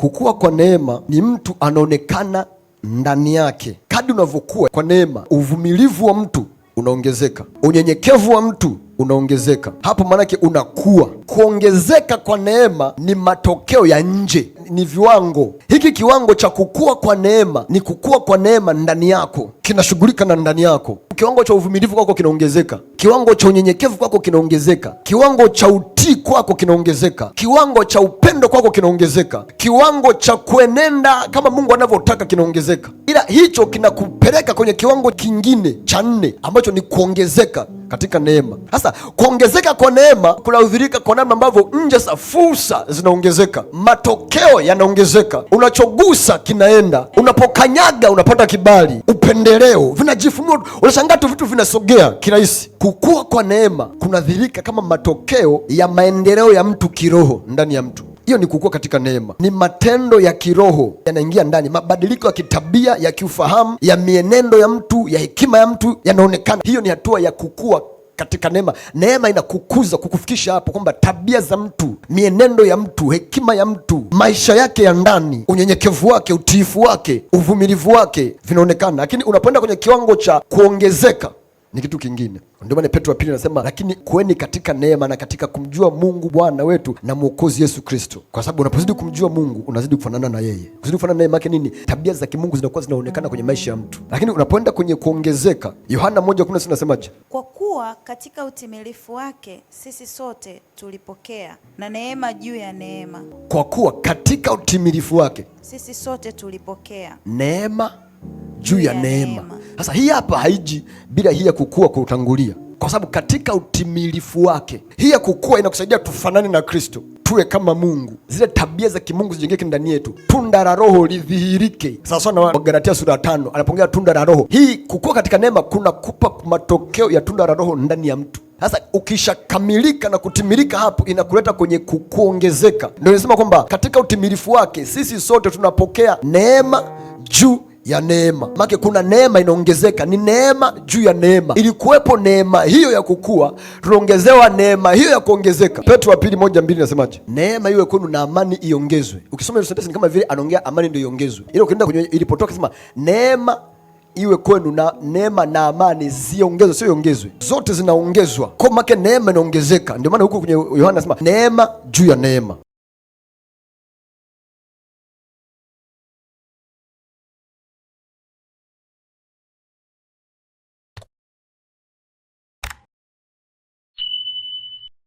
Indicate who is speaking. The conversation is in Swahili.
Speaker 1: Kukua kwa neema ni mtu anaonekana ndani yake. Kadri unavyokuwa kwa neema, uvumilivu wa mtu unaongezeka, unyenyekevu wa mtu unaongezeka. Hapo maanake unakuwa. Kuongezeka kwa neema ni matokeo ya nje, ni viwango. Hiki kiwango cha kukua kwa neema ni kukua kwa neema ndani yako, kinashughulika na ndani yako. Kiwango cha uvumilivu kwako kinaongezeka, kiwango cha unyenyekevu kwako kinaongezeka, kiwango cha utii kwako kinaongezeka, kiwango cha upendo kwako kinaongezeka, kiwango cha kuenenda kama Mungu anavyotaka kinaongezeka, ila hicho kinakupeleka kwenye kiwango kingine cha nne ambacho ni kuongezeka katika neema. Sasa kuongezeka kwa neema kunahudhirika kwa namna ambavyo nje, sasa fursa zinaongezeka, matokeo yanaongezeka, unachogusa kinaenda, unapokanyaga unapata kibali, upendeleo vinajifunua, unashangaa tu vitu vinasogea kirahisi. Kukua kwa neema kunadhirika kama matokeo ya maendeleo ya mtu kiroho ndani ya mtu. Hiyo ni kukua katika neema, ni matendo ya kiroho yanaingia ndani, mabadiliko ya kitabia, ya kiufahamu, ya mienendo ya mtu, ya hekima ya mtu yanaonekana. Hiyo ni hatua ya kukua katika neema. Neema inakukuza kukufikisha hapo kwamba tabia za mtu, mienendo ya mtu, hekima ya mtu, maisha yake ya ndani, unyenyekevu wake, utiifu wake, uvumilivu wake vinaonekana. Lakini unapoenda kwenye kiwango cha kuongezeka ni kitu kingine. Ndio maana Petro wa pili anasema, lakini kuweni katika neema na katika kumjua Mungu Bwana wetu na Mwokozi Yesu Kristo, kwa sababu unapozidi kumjua Mungu unazidi kufanana na yeye. Kuzidi kufanana naye maana nini? Tabia za kimungu zinakuwa zinaonekana kwenye maisha ya mtu, lakini unapoenda kwenye kuongezeka, Yohana 1:16 nasemaje?
Speaker 2: Kwa kuwa katika utimilifu wake sisi sote tulipokea na neema juu ya neema.
Speaker 1: Kwa kuwa katika utimilifu wake
Speaker 2: sisi sote tulipokea
Speaker 1: neema juu ya neema. Sasa hii hapa haiji bila hii ya kukua kwa utangulia, kwa sababu katika utimilifu wake hii ya kukua inakusaidia tufanane na Kristo, tuwe kama Mungu, zile tabia za kimungu zijengeke ndani yetu, tunda la Roho lidhihirike. Sasa na Wagalatia sura tano anapongea tunda la Roho. Hii kukua katika neema kuna kupa matokeo ya tunda la Roho ndani ya mtu. Sasa ukishakamilika na kutimilika hapo, inakuleta kwenye kukuongezeka Ndio inasema kwamba katika utimilifu wake sisi sote tunapokea neema juu ya neema make, kuna neema inaongezeka, ni neema juu ya neema. Ilikuwepo neema hiyo ya kukua, tunaongezewa neema hiyo ya kuongezeka. Petro wa pili moja mbili nasemaje? Neema iwe kwenu na amani iongezwe. Ukisoma hiyo sentensi ni kama vile anaongea amani ndio iongezwe, ila ukienda kwenye ilipotoka sema neema iwe kwenu na neema na amani ziongezwe, sio iongezwe, zote zinaongezwa kwa make, neema inaongezeka. Ndio maana huko kwenye Yohana anasema neema juu ya neema.